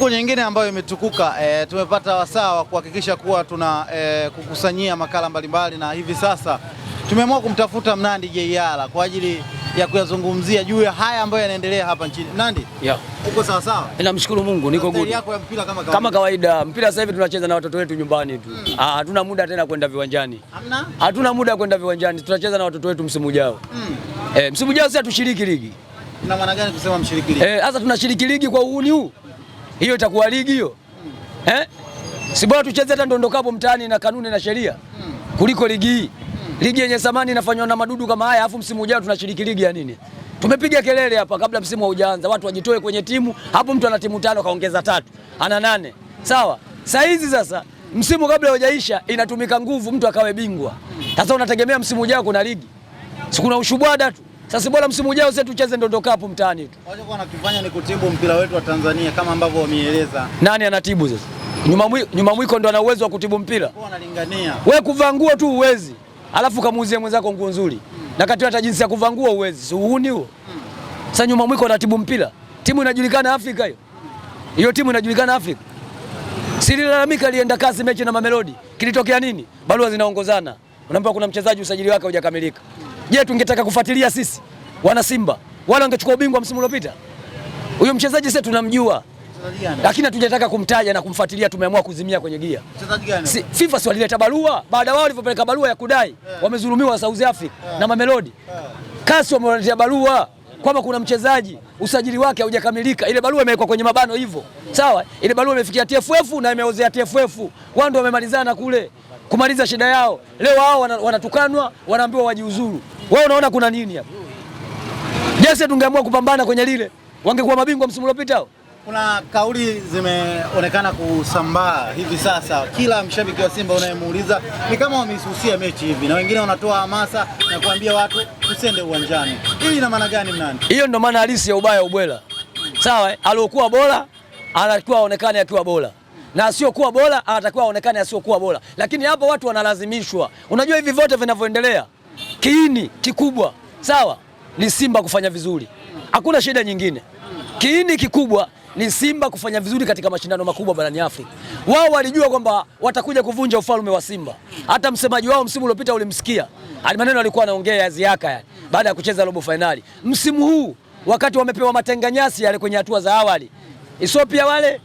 Siku nyingine ambayo imetukuka e, tumepata wasaa wa kuhakikisha kuwa tuna e, kukusanyia makala mbalimbali na hivi sasa tumeamua kumtafuta Mnandi JR kwa ajili ya kuyazungumzia juu ya haya ambayo yanaendelea hapa nchini. Nandi, yeah. Uko sawa sawa? Ninamshukuru Mungu niko good. Yako ya mpira kama kawaida. Kama kawaida, mpira sasa hivi tunacheza na watoto wetu nyumbani tu. Mm. Ah, hatuna muda tena kwenda viwanjani. Hamna? Hatuna muda kwenda viwanjani. Tunacheza na watoto wetu msimu ujao. Mm. Eh, msimu ujao sasa tushiriki ligi. Na maana gani kusema mshiriki ligi? Eh, sasa tunashiriki ligi kwa uhuni huu hiyo itakuwa ligi hiyo eh? Si bora tucheze hata ndondokapo mtaani na kanuni na sheria kuliko ligi hii, ligi yenye samani inafanywa na madudu kama haya, afu msimu ujao tunashiriki ligi ya nini? Tumepiga kelele hapa kabla msimu haujaanza, watu wajitoe kwenye timu. Hapo mtu ana timu tano, kaongeza tatu, ana nane, sawa. Saa hizi sasa msimu kabla haujaisha, inatumika nguvu, mtu akawe bingwa. Sasa unategemea msimu ujao kuna ligi? sikuna kuna ushubwada tu. Sasa bora msimu ujao sasa tucheze Ndondo Cup mtaani tu. Walichokuwa wanakifanya ni kutibu mpira wetu wa Tanzania kama ambavyo wameeleza. Nani anatibu sasa? Nyuma mwiko, nyuma mwiko ndo ana uwezo wa kutibu mpira. Kwa analingania. Wewe kuvaa nguo tu uwezi. Alafu kamuuzie mwenzako nguo nzuri. Hmm. Na kati hata jinsi ya kuvaa nguo uwezi. Si uhuni huo? Hmm. Sasa nyuma mwiko anatibu mpira. Timu inajulikana Afrika hiyo. Hiyo timu inajulikana Afrika. Sililalamika alienda kazi mechi na Mamelodi. Kilitokea nini? Barua zinaongozana. Unaambiwa kuna mchezaji usajili wake hujakamilika. Hmm. Je, tungetaka kufuatilia sisi wana Simba wale wangechukua ubingwa msimu uliopita? Huyo mchezaji sasa tunamjua, lakini hatujataka kumtaja na kumfuatilia, tumeamua kuzimia kwenye gia. Si, FIFA si walileta barua baada wao walivyopeleka barua ya kudai yeah. wamezulumiwa South Africa yeah. na Mamelodi yeah. kasi wamewaletea barua kwamba kuna mchezaji usajili wake haujakamilika. Ile barua imewekwa kwenye mabano hivyo, sawa. Ile barua imefikia TFF na imeozea TFF, wao ndio wamemalizana kule kumaliza shida yao. Leo hao wanatukanwa, wanaambiwa wajiuzuru. Wewe unaona kuna nini hapa? Jinsi tungeamua kupambana kwenye lile, wangekuwa mabingwa msimu uliopita Kuna kauli zimeonekana kusambaa hivi sasa, kila mshabiki wa Simba unayemuuliza ni kama wameisusia mechi hivi, na wengine wanatoa hamasa na kuambia watu tusende uwanjani. Hii ina maana gani mnani? Hiyo ndio maana halisi ya ubaya ubwela. Sawa, eh? aliokuwa bora anakuwa aonekane akiwa bora na asiyokuwa bora anatakiwa aonekane asiyokuwa bora, lakini hapo watu wanalazimishwa. Unajua hivi vyote vinavyoendelea, kiini kikubwa sawa ni Simba kufanya vizuri, hakuna shida nyingine. Kiini kikubwa ni Simba kufanya vizuri katika mashindano makubwa barani Afrika. Wao walijua kwamba watakuja kuvunja ufalme wa Simba. Hata msemaji wao msimu uliopita ulimsikia, maneno alikuwa anaongea ya ziaka yani, baada ya kucheza robo fainali. Msimu huu wakati wamepewa matenga nyasi yale kwenye hatua za awali Ethiopia wale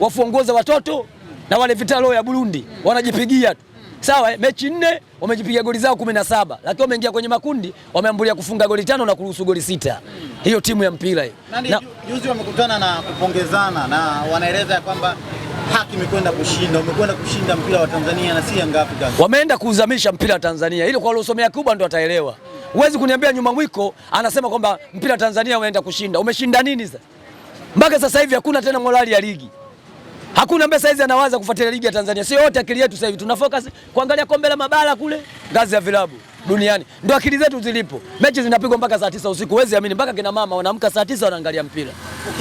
wafuongoza watoto na wale vitalo ya Burundi wanajipigia tu sawa. Eh, mechi nne wamejipiga goli zao kumi na saba, lakini wameingia kwenye makundi wameambulia kufunga goli tano na kuruhusu goli sita. Hiyo timu ya mpira hiyo. Na juzi wamekutana na kupongezana na wanaeleza kwamba haki imekwenda kushinda, umekwenda kushinda mpira wa Tanzania na si Yanga Africans. Wameenda kuuzamisha mpira wa Tanzania, ili kwa waliosomea kubwa ndo wataelewa. Huwezi kuniambia nyuma mwiko anasema kwamba mpira wa Tanzania umeenda kushinda. Umeshinda nini sasa? Mpaka sasa hivi hakuna tena morali ya ligi. Hakuna ambaye saizi anawaza kufuatilia ligi ya Tanzania. Sio wote akili yetu sasa hivi tuna focus kuangalia kombe la mabara kule ngazi ya vilabu duniani. Ndio akili zetu zilipo. Mechi zinapigwa mpaka saa tisa usiku. Huwezi amini mpaka kina mama wanaamka saa tisa wanaangalia mpira.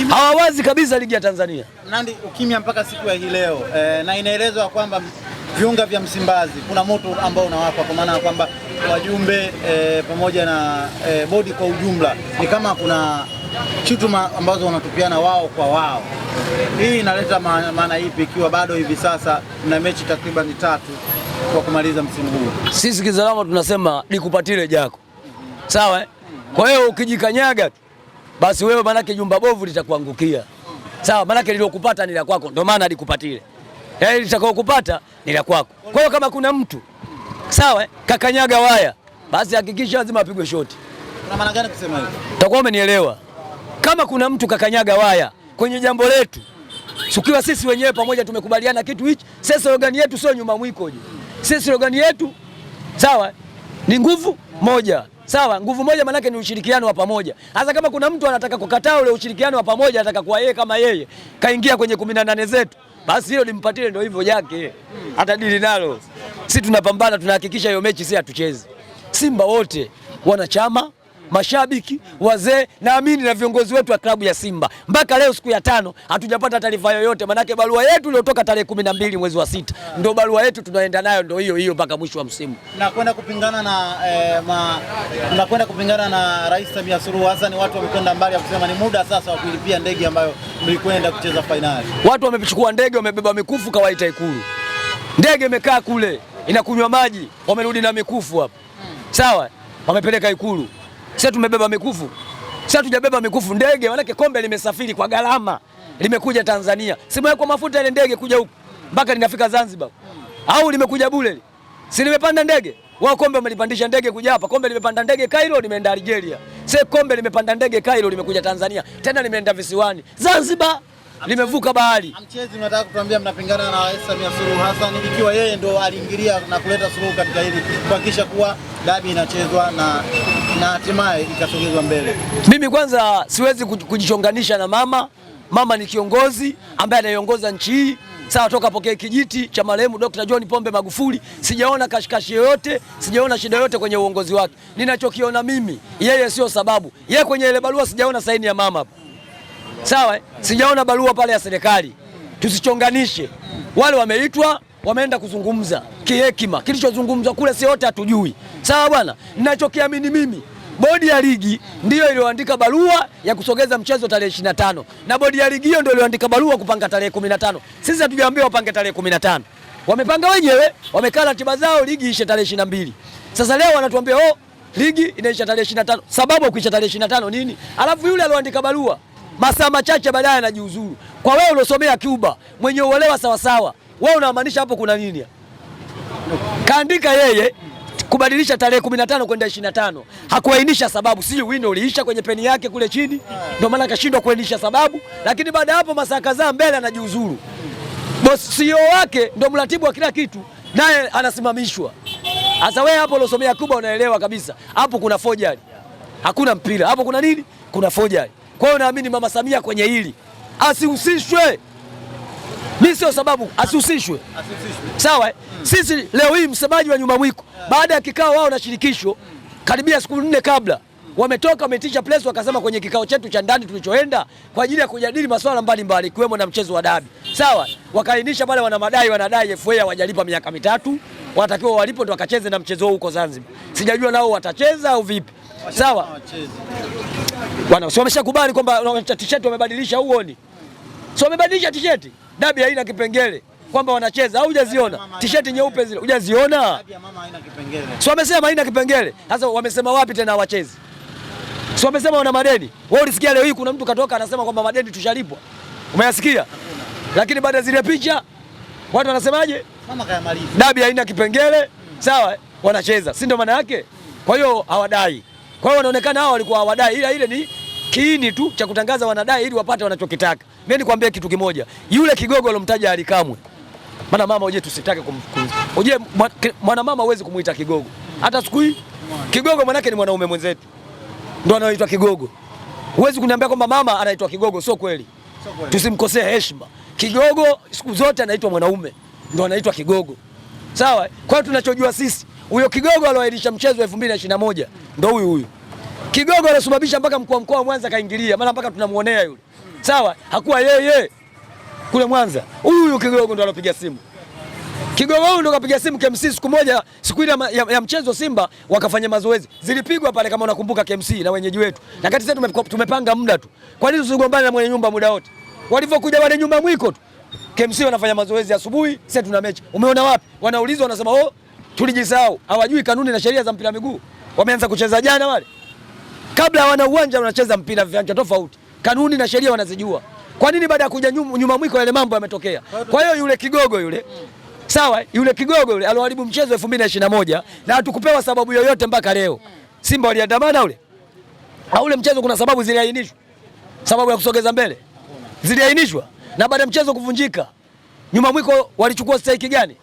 Hawawazi kabisa ligi ya Tanzania. Nandi ukimya mpaka siku ya hii leo. E, na inaelezwa kwamba viunga vya Msimbazi kuna moto ambao unawaka kwa maana kwamba wajumbe e, pamoja na e, bodi kwa ujumla ni kama kuna shutuma ambazo wanatupiana wao kwa wao. Hii inaleta maana ipi ikiwa bado hivi sasa na mechi takriban tatu kwa kumaliza msimu huu? Sisi kizalama tunasema nikupatile jako, sawa eh? Kwa hiyo ukijikanyaga basi wewe manake jumba bovu litakuangukia, sawa? Manake lilokupata ni la kwako, ndio maana likupatile, yaani litakayokupata ni la kwako. Kwa hiyo kama kuna mtu sawa eh, kakanyaga waya, basi hakikisha lazima apigwe shoti. Kuna maana gani kusema hivyo? Utakuwa umenielewa. Kama kuna mtu kakanyaga waya kwenye jambo letu, tukiwa sisi wenyewe pamoja tumekubaliana kitu hichi. Sisi slogan yetu sio nyuma mwiko je, sisi slogan yetu sawa ni nguvu moja Sawa, nguvu moja maanake ni ushirikiano wa pamoja. hasa kama kuna mtu anataka kukataa ule ushirikiano wa pamoja, anataka kuwa yeye kama yeye kaingia kwenye kumi na nane zetu, basi hilo limpatie, ndio hivyo yake, hata dili nalo. Si tunapambana, tunahakikisha hiyo mechi si hatuchezi. Simba wote wanachama mashabiki, wazee, naamini na viongozi wetu wa klabu ya Simba. Mpaka leo siku ya tano hatujapata taarifa yoyote, maanake barua yetu iliyotoka tarehe kumi na mbili mwezi wa sita ndio barua yetu tunaenda nayo, ndio hiyo hiyo mpaka mwisho wa msimu. Nakwenda kupingana na eh, nakwenda kupingana na Rais Samia Suluhu Hassan. Watu wamekwenda mbali ya kusema ni muda sasa wa kulipia ndege ambayo mlikwenda kucheza fainali. Watu wamechukua ndege, wamebeba mikufu, kawaita Ikulu, ndege imekaa kule inakunywa maji, wamerudi na mikufu hapa, sawa, wamepeleka Ikulu. Sasa tumebeba mikufu, sasa tujabeba mikufu ndege, manake kombe limesafiri kwa gharama, limekuja Tanzania, simu mafuta ile ndege kuja huku mpaka linafika Zanzibar, au limekuja bure? Si limepanda ndege wao, kombe wamelipandisha ndege kuja hapa. Kombe limepanda ndege Cairo, limeenda Algeria. Sasa kombe limepanda ndege Cairo, limekuja Tanzania, tena limeenda visiwani Zanzibar limevuka bahari. Ah, mchezi, unataka kutuambia mnapingana na Rais Samia Suluhu Hassan ikiwa yeye ndo aliingilia na kuleta suluhu katika hili kuhakikisha kuwa dabi inachezwa na na hatimaye ikasogezwa mbele. Mimi kwanza siwezi kujichonganisha na mama. Mama ni kiongozi ambaye anaiongoza nchi hii sawa toka pokee kijiti cha marehemu Dr. John Pombe Magufuli, sijaona kashikashi yoyote, sijaona shida yoyote kwenye uongozi wake. Ninachokiona mimi, yeye sio sababu. Yeye kwenye ile barua sijaona saini ya mama sawa eh? Sijaona barua pale ya serikali, tusichonganishe. Wale wameitwa wameenda kuzungumza kihekima, kilichozungumzwa kule si siote hatujui, sawa bwana. Ninachokiamini mimi bodi ya ligi ndiyo iliyoandika barua ya kusogeza mchezo tarehe 25 na bodi ya ligi hiyo ndio iliyoandika barua kupanga tarehe 15. Sisi hatujaambiwa wapange tarehe 15, wamepanga wenyewe, wamekaa ratiba zao, ligi ishe tarehe 22. Sasa leo wanatuambia oh, ligi inaisha tarehe 25. Sababu ya kuisha tarehe 25 nini? Alafu yule aliyoandika barua masaa machache baadaye anajiuzuru. Kwa wewe uliosomea Cuba, mwenye uelewa sawasawa, wewe unamaanisha hapo kuna nini? Kaandika yeye kubadilisha tarehe 15 kwenda 25, hakuainisha sababu, sijui wino uliisha kwenye peni yake kule chini, ndio maana akashindwa kuainisha sababu. Lakini baada hapo masaa kadhaa mbele anajiuzuru. Boss CEO wake ndio mratibu wa kila kitu, naye anasimamishwa. Sasa wewe hapo uliosomea Cuba unaelewa kabisa hapo kuna forgery, hakuna mpira hapo. Kuna nini? Kuna forgery. Kwa hiyo naamini mama Samia kwenye hili asihusishwe, mi sio sababu asihusishwe, sawa. Eh? Mm. Sisi leo hii msemaji wa nyuma mwiko, baada ya kikao wao na shirikisho karibia siku nne kabla mm. wametoka wametisha press wakasema, kwenye kikao chetu cha ndani tulichoenda kwa ajili ya kujadili masuala mbalimbali ikiwemo na mchezo wa dabi sawa. Wakaainisha pale wana madai, wanadai FA hawajalipa miaka mitatu, watakiwa walipo ndo wakacheze na mchezo huko Zanzibar. Sijajua nao watacheza au vipi, sawa. Bwana, so wameshakubali kwamba t-shirt wamebadilisha huoni? So wamebadilisha t-shirt. Dabi haina kipengele kwamba wanacheza au hujaziona? T-shirt nyeupe zile hujaziona? Dabi ya mama haina kipengele. So wamesema haina kipengele. Sasa wamesema wapi tena wacheze? So wamesema wana madeni. Wewe ulisikia leo hii kuna mtu katoka anasema kwamba madeni tushalipwa. Umeyasikia? Lakini baada ya zile picha watu wanasemaje? Mama kayamaliza. Dabi haina kipengele. Hmm. Sawa, wanacheza. Si ndio maana yake? Kwa hiyo hawadai. Kwa hiyo wanaonekana hao walikuwa hawadai ila ile ni kiini tu cha kutangaza wanadai ili wapate wanachokitaka. Mimi nikwambie kitu kimoja, yule kigogo alomtaja Alikamwe, maana mama uje tusitake kumkuza mwana mama, huwezi kumuita kigogo hata siku hii. Kigogo manake ni mwanaume mwenzetu ndo anaitwa kigogo. Huwezi kuniambia kwamba mama anaitwa kigogo, sio kweli, tusimkosee heshima. Kigogo siku zote anaitwa mwanaume, ndo anaitwa kigogo, sawa. Kwa hiyo tunachojua sisi, huyo kigogo alioahirisha mchezo 2021 ndo huyu huyu. Kigogo anasababisha mpaka mkuu wa mkoa wa Mwanza kaingilia, maana mpaka tunamuonea yule. Sawa, hakuwa yeye kule Mwanza, huyu Kigogo ndo alopiga simu. Kigogo huyu ndo kapiga simu KMC siku moja, siku ile ya, ya mchezo Simba wakafanya mazoezi. Zilipigwa pale kama unakumbuka KMC na wenyeji wetu. Na kati zetu tumepanga muda tu. Kwa nini tusigombane na mwenye nyumba muda wote? Walivyokuja wale nyumba mwiko tu. KMC wanafanya mazoezi asubuhi, sasa tuna mechi. Umeona wapi? Wanaulizwa wanasema, "Oh, tulijisahau." Hawajui kanuni na sheria za mpira miguu. Wameanza kucheza jana wale kabla wana uwanja wanacheza mpira viwanja tofauti, kanuni na sheria wanazijua. Kwa nini baada ya kuja nyuma mwiko yale mambo yametokea? Kwa hiyo yule kigogo yule sawa, yule kigogo yule aliharibu mchezo 2021 na hatukupewa sababu yoyote mpaka leo. Simba waliandamana ule au ule mchezo, kuna sababu ziliainishwa, sababu ya kusogeza mbele ziliainishwa, na baada ya mchezo kuvunjika nyuma mwiko walichukua stake gani?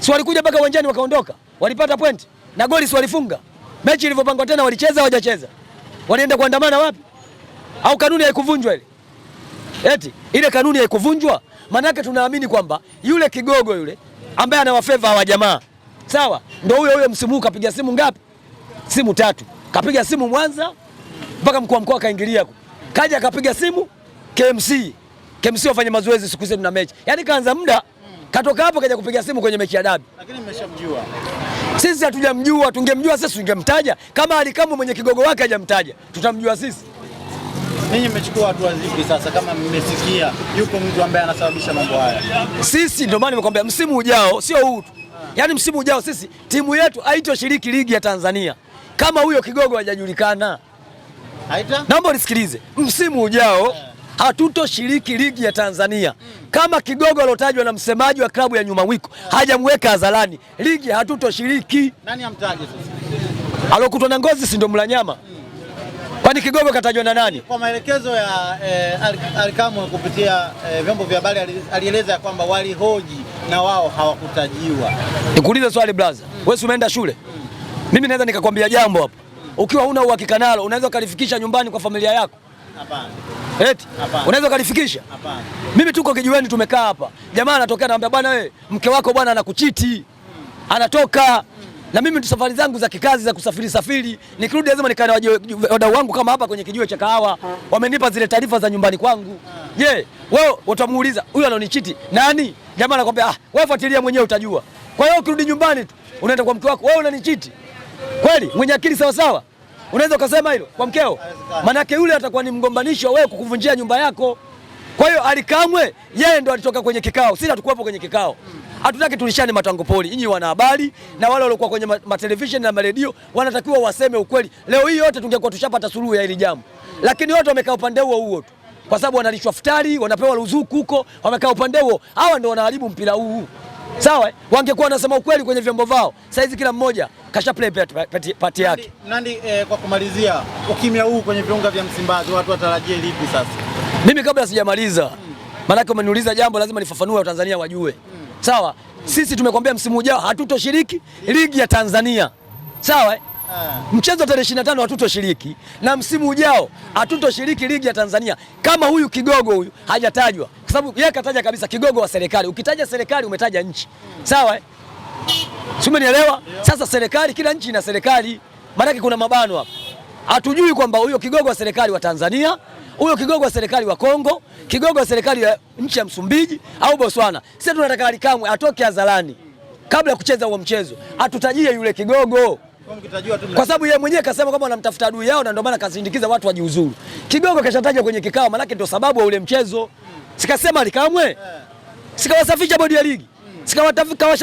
Si walikuja mpaka uwanjani wakaondoka, walipata point na goli si walifunga. Mechi ilivyopangwa tena walicheza hawajacheza wanaenda kuandamana wapi? Au kanuni haikuvunjwa ile? Eti ile kanuni haikuvunjwa? maana yake tunaamini kwamba yule kigogo yule ambaye anawafeva wa jamaa sawa, ndo huyo huyo msimu huu kapiga simu ngapi? Simu tatu. Kapiga simu Mwanza mpaka mkuu mkoa mkoa huko. kaja akapiga simu KMC, KMC wafanye mazoezi siku zetu na mechi, yaani kaanza muda katoka hapo kaja kupiga simu kwenye mechi ya dabi, lakini mmeshamjua sisi hatujamjua, tungemjua sisi tungemtaja. Kama Ally mwenye kigogo wake hajamtaja, tutamjua sisi? Ninyi mmechukua hatua zipi sasa, kama mmesikia yuko mtu ambaye anasababisha mambo haya? Sisi ndio maana nimekwambia msimu ujao, sio huu tu, yaani msimu ujao sisi timu yetu haitoshiriki ligi ya Tanzania kama huyo kigogo hajajulikana. Naomba nisikilize msimu ujao yeah hatutoshiriki ligi ya Tanzania kama kigogo aliotajwa na msemaji wa klabu ya nyuma wiko hajamweka hadharani, ligi hatutoshiriki. Nani amtaje sasa? Alokutwa na ngozi si ndo Mlanyama? Kwani kigogo katajwa na nani? Kwa maelekezo ya eh, Alikamwe kupitia eh, vyombo vya habari alieleza kwamba walihoji na wao hawakutajiwa. Nikuulize swali blaza, mm. wewe umeenda shule? Mm. Mimi naweza nikakwambia jambo hapo ukiwa huna uhakika nalo unaweza ukalifikisha nyumbani kwa familia yako Eti? Unaweza ukalifikisha? Mimi tuko kijiweni tumekaa hapa. Jamaa anatokea ananiambia bwana wewe mke wako bwana anakuchiti. Hmm. Anatoka. Hmm. Na mimi safari zangu za kikazi za kusafiri safiri, nikirudi lazima nikae na wadau wangu kama hapa kwenye kijiwe cha kahawa. Wamenipa zile taarifa za nyumbani kwangu. Hmm. Je, yeah, wewe utamuuliza huyu ananichiti nani? Jamaa anakwambia ah, wewe fuatilia mwenyewe utajua. Kwa hiyo ukirudi nyumbani tu unaenda kwa mke wako, wewe unanichiti. Kweli? Mwenye akili sawa sawa? Unaweza ukasema hilo kwa mkeo, manake yule atakuwa ni mgombanisho wa wewe kukuvunjia nyumba yako. Kwa hiyo Alikamwe yeye ndo alitoka kwenye kikao, sisi hatukuwepo kwenye kikao. Hatutaki tulishane matango poli. Nyinyi wanahabari na wale waliokuwa kwenye matelevisheni na maredio wanatakiwa waseme ukweli. Leo hii yote tungekuwa tushapata suluhu ya hili jambo, lakini wote wamekaa upande huo huo tu, kwa sababu wanalishwa futari, wanapewa ruzuku huko, wamekaa upande huo. Hawa ndo wanaharibu mpira huu. Sawa, wangekuwa wanasema ukweli kwenye vyombo vyao. Saizi kila mmoja kasha play pati yake. Nandi, eh, kwa kumalizia ukimya huu kwenye viunga vya Msimbazi watu watarajie lipi sasa? Mimi kabla sijamaliza hmm. Maanake umeniuliza jambo lazima nifafanue Watanzania wajue hmm. Sawa hmm. Sisi tumekwambia msimu ujao hatutoshiriki ligi ya Tanzania sawa eh? eh. Mchezo tarehe 25 hatutoshiriki na msimu ujao hatutoshiriki ligi ya Tanzania kama huyu kigogo huyu hajatajwa kwa sababu yeye kataja kabisa kigogo wa serikali. Ukitaja serikali umetaja nchi, sawa eh? Si umenielewa? Sasa serikali, kila nchi ina serikali, maanake kuna mabano hapa. Hatujui kwamba huyo kigogo wa serikali wa Tanzania, huyo kigogo wa serikali wa Kongo, kigogo wa serikali ya nchi ya Msumbiji au Botswana. Sisi tunataka Alikamwe atoke hadharani kabla ya kucheza huo mchezo, atutajie yule kigogo kwa sababu yeye mwenyewe kasema kwamba anamtafuta adui yao, na ndio maana kasindikiza watu wajiuzuru. Kigogo kashataja kwenye kikao, maanake ndio sababu ya ule mchezo sikasema ni Kamwe, sikawasafisha bodi ya ligi,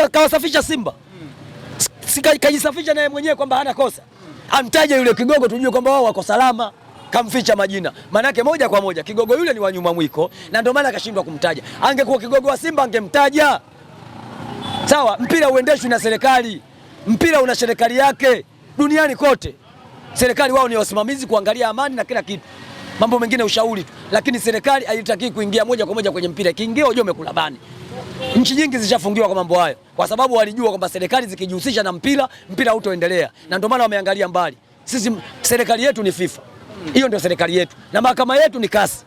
sikawasafisha Simba, sikajisafisha naye mwenyewe kwamba hana kosa, amtaje yule kigogo tujue kwamba wao wako salama kamficha majina, manake moja kwa moja kigogo yule ni wanyuma mwiko, na ndio maana akashindwa kumtaja. Angekuwa kigogo wa Simba angemtaja. Sawa, mpira uendeshwi na serikali, mpira una serikali yake duniani kote. Serikali wao ni wasimamizi kuangalia amani na kila kitu mambo mengine ushauri tu, lakini serikali haitaki kuingia moja kwa moja kwenye mpira. Kiingia ujue umekula bani. Nchi nyingi zishafungiwa kwa mambo hayo, kwa sababu walijua kwamba serikali zikijihusisha na mpira, mpira hautoendelea, na ndio maana wameangalia mbali. Sisi serikali yetu ni FIFA, hiyo ndio serikali yetu, na mahakama yetu ni kasi.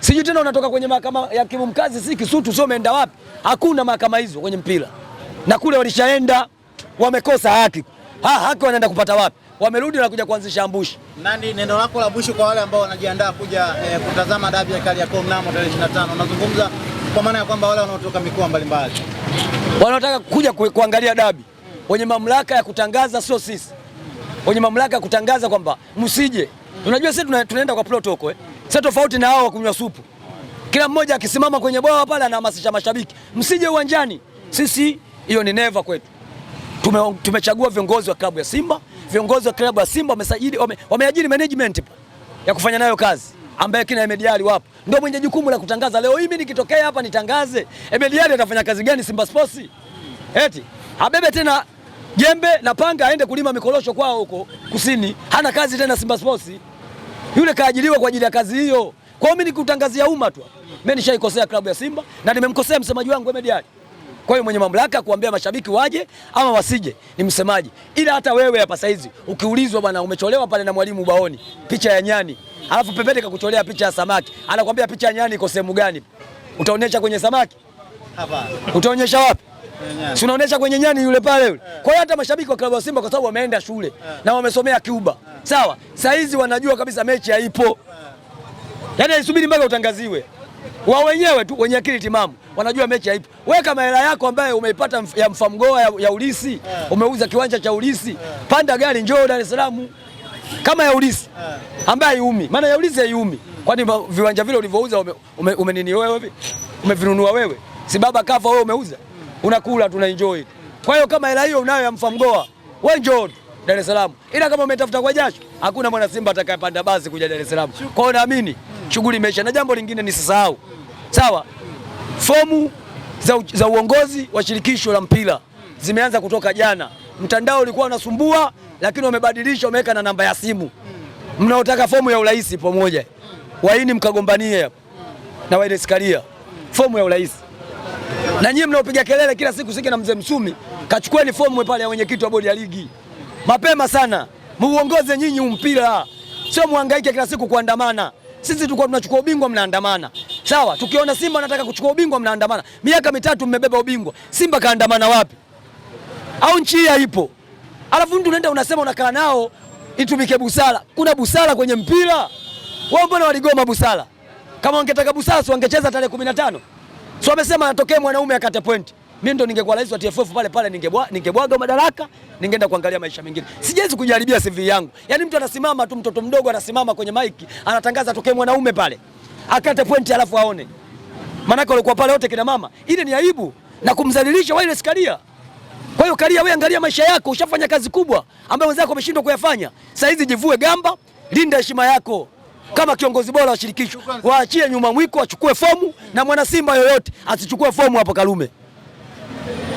Sijui tena unatoka kwenye mahakama ya hakimu mkazi, si Kisutu, sio umeenda wapi? Hakuna mahakama hizo kwenye mpira, na kule walishaenda wamekosa haki. Ha, haki wanaenda kupata wapi? wamerudi na kuja kuanzisha mbushi. Nandi, neno lako la mbushi kwa wale ambao wanajiandaa kuja eh, kutazama dabi ya Kariakoo mnamo tarehe 25, unazungumza kwa maana ya kwamba wale wanaotoka mikoa mbalimbali wanaotaka kuja kuangalia dabi, wenye mamlaka ya kutangaza sio sisi, wenye mamlaka ya kutangaza kwamba msije. Unajua sisi tunaenda kwa protocol eh. Sasa tofauti na hao wa kunywa supu, kila mmoja akisimama kwenye bwawa pale anahamasisha mashabiki msije uwanjani. Sisi hiyo ni neva kwetu. Tume, tumechagua viongozi wa klabu ya Simba viongozi wa klabu ya Simba wamesajili wameajiri wame management ya kufanya nayo kazi ambaye kina Emediali wapo, ndio mwenye jukumu la kutangaza. Leo hii mimi nikitokea hapa nitangaze, Emediali atafanya kazi gani Simba Sports? Eti abebe tena jembe na panga aende kulima mikorosho kwao huko kusini, hana kazi tena Simba Sports. Yule kaajiriwa kwa ajili ya kazi hiyo. Kwa hiyo mimi nikutangazia umma tu, mimi nishaikosea klabu ya Simba na nimemkosea msemaji wangu Emediali. Kwa hiyo mwenye mamlaka kuambia mashabiki waje ama wasije ni msemaji, ila hata wewe hapa saizi ukiulizwa, bwana, umecholewa pale na mwalimu baoni picha ya nyani, alafu pepete kakucholea picha ya samaki, anakuambia picha ya nyani iko sehemu gani? Utaonyesha kwenye samaki? Hapana. Utaonyesha wapi? Si unaonyesha kwenye nyani yule pale yule. Eh. Kwa hiyo hata mashabiki wa klabu ya Simba kwa sababu wameenda shule eh. na wamesomea kiuba, eh. sawa, hizi wanajua kabisa mechi haipo, yaani haisubiri mpaka utangaziwe wa wenyewe tu wenye akili timamu wanajua mechi haipo. Weka mahela yako ambayo umeipata ya mfamgoa ya, ya ulisi yeah. Umeuza kiwanja cha ulisi yeah. Panda gari njoo Dar es Salaam kama ya ulisi yeah. Ambaye haiumi maana ya ulisi haiumi mm. Kwani viwanja vile ulivyouza umenini ume, ume wewe umevinunua wewe si baba kafa wewe umeuza mm. Unakula tuna enjoy mm. Kwa hiyo kama hela hiyo unayo ya mfamgoa wewe njoo Dar es Salaam, ila kama umetafuta kwa jasho, hakuna mwana Simba atakayepanda basi kuja Dar es Salaam. Kwa hiyo naamini shughuli imeisha. Na jambo lingine nisisahau, sawa, fomu za, za uongozi wa shirikisho la mpira zimeanza kutoka jana. Mtandao ulikuwa unasumbua, lakini wamebadilisha, wameweka na namba ya simu. Mnaotaka fomu ya urais pamoja waini mkagombanie hapo na waeneskaria fomu ya urais, na nyinyi mnaopiga kelele kila siku siki na mzee Msumi, kachukueni fomu pale ya wenyekiti wa bodi ya ligi mapema sana, muongoze nyinyi mpira, sio muhangaike kila siku kuandamana. Sisi tulikuwa tunachukua ubingwa mnaandamana. Sawa, tukiona Simba anataka kuchukua ubingwa mnaandamana. Miaka mitatu mmebeba ubingwa. Simba kaandamana wapi? Au nchi hii haipo? Alafu mtu unaenda unasema unakaa nao itumike busara. Kuna busara kwenye mpira? Wao mbona waligoma busara? Kama wangetaka busara si wangecheza tarehe 15. So wamesema atokee mwanaume akate pointi mimi ndo ningekuwa rais wa TFF pale pale, ningebwa ningebwaga madaraka, ningeenda kuangalia maisha mengine. Sijezi kujaribia CV yangu. Yaani mtu anasimama tu, mtoto mdogo anasimama kwenye maiki, anatangaza tokee mwanaume pale, akate pointi alafu aone. Maanake walikuwa pale wote kina mama. Ile ni aibu na kumdhalilisha Wallace Karia. Kwa hiyo Karia, wewe angalia maisha yako, ushafanya kazi kubwa ambayo wenzako wameshindwa kuyafanya. Sasa hizi jivue gamba, linda heshima yako kama kiongozi bora wa shirikisho. Waachie nyuma mwiko, achukue fomu na mwana Simba yoyote asichukue fomu hapo Karume.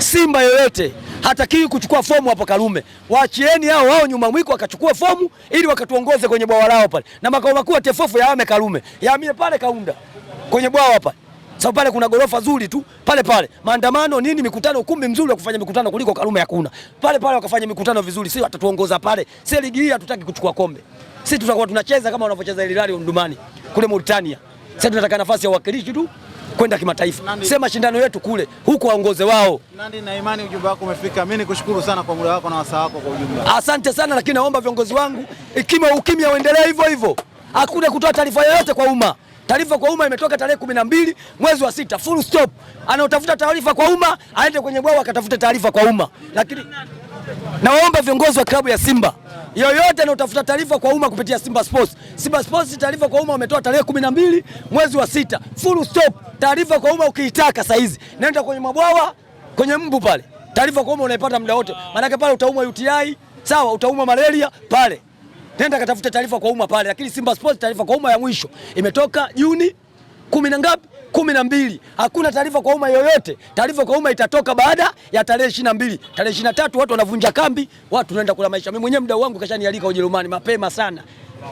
Simba yoyote hatakiwi kuchukua fomu hapo Karume, waachieni hao wao nyuma mwiko wakachukua fomu ili wakatuongoze kwenye bwawa lao pale, na makao makuu ya TFF yaame Karume, yaamie pale Kaunda kwenye bwawa hapa. sababu pale kuna gorofa zuri tu pale pale, maandamano nini, mikutano, ukumbi mzuri wa kufanya mikutano kuliko Karume hakuna. Pale pale wakafanya mikutano vizuri, sio atatuongoza pale? Si ligi hii hatutaki kuchukua kombe, Sisi tutakuwa tunacheza kama wanavyocheza Hilali Hilal Omdurman kule Mauritania. Sasa tunataka nafasi ya uwakilishi tu kwenda kimataifa. Sema mashindano yetu kule huko waongoze wao. Nandi, na imani ujumbe wako umefika. Mimi nikushukuru sana kwa muda wako na wasaa wako kwa ujumla. Asante sana, lakini naomba viongozi wangu ikima ukimya uendelee hivyo hivyo, hakuna kutoa taarifa yoyote kwa umma. Taarifa kwa umma imetoka tarehe kumi na mbili mwezi wa sita, full stop. Anaotafuta taarifa kwa umma aende kwenye bwao akatafute taarifa kwa umma, lakini Nawaomba viongozi wa klabu ya Simba yoyote anaotafuta taarifa kwa umma kupitia Simba Sports. Simba Sports taarifa kwa umma wametoa tarehe kumi na mbili mwezi wa sita, full stop. Taarifa kwa umma ukiitaka saa hizi nenda kwenye mabwawa, kwenye mbu pale, taarifa kwa umma unaipata muda wote, Maana pale utaumwa UTI, sawa, utaumwa malaria pale, nenda katafuta taarifa kwa umma pale. Lakini Simba Sports taarifa kwa umma ya mwisho imetoka Juni kumi na ngapi? kumi na mbili. Hakuna taarifa kwa umma yoyote. Taarifa kwa umma itatoka baada ya tarehe ishirini na mbili. Tarehe ishirini na tatu watu wanavunja kambi, watu wanaenda kula maisha. Mimi mwenyewe mdau wangu kashanialika Ujerumani mapema sana,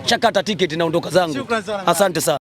chakata tiketi naondoka zangu. Asante sana.